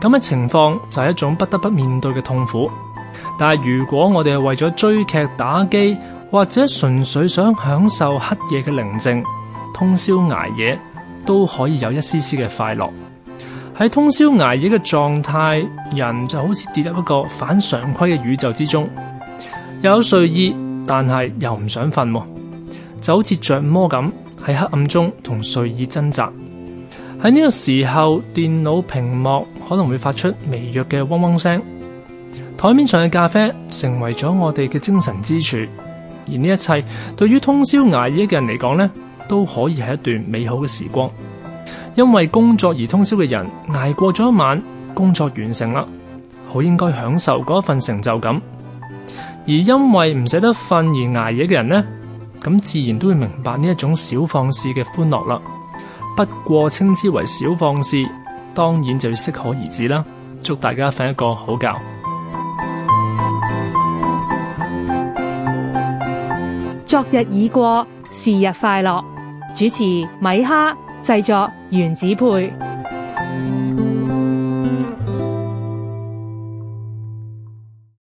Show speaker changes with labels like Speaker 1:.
Speaker 1: 咁嘅情況就係一種不得不面對嘅痛苦，但係如果我哋係為咗追劇打機，或者純粹想享受黑夜嘅寧靜，通宵捱夜都可以有一絲絲嘅快樂。喺通宵捱夜嘅狀態，人就好似跌入一個反常規嘅宇宙之中，有睡意，但係又唔想瞓，就好似着魔咁，喺黑暗中同睡意掙扎。喺呢個時候，電腦屏幕可能會發出微弱嘅嗡嗡聲，台面上嘅咖啡成為咗我哋嘅精神支柱。而呢一切，對於通宵捱夜嘅人嚟講呢，都可以係一段美好嘅時光。因為工作而通宵嘅人，挨過咗一晚，工作完成啦，好應該享受嗰一份成就感。而因為唔捨得瞓而捱夜嘅人呢，咁自然都會明白呢一種小放肆嘅歡樂啦。不過稱之為小放肆，當然就要適可而止啦。祝大家瞓一個好覺。昨日已過，是日快樂。主持米哈，製作原子配。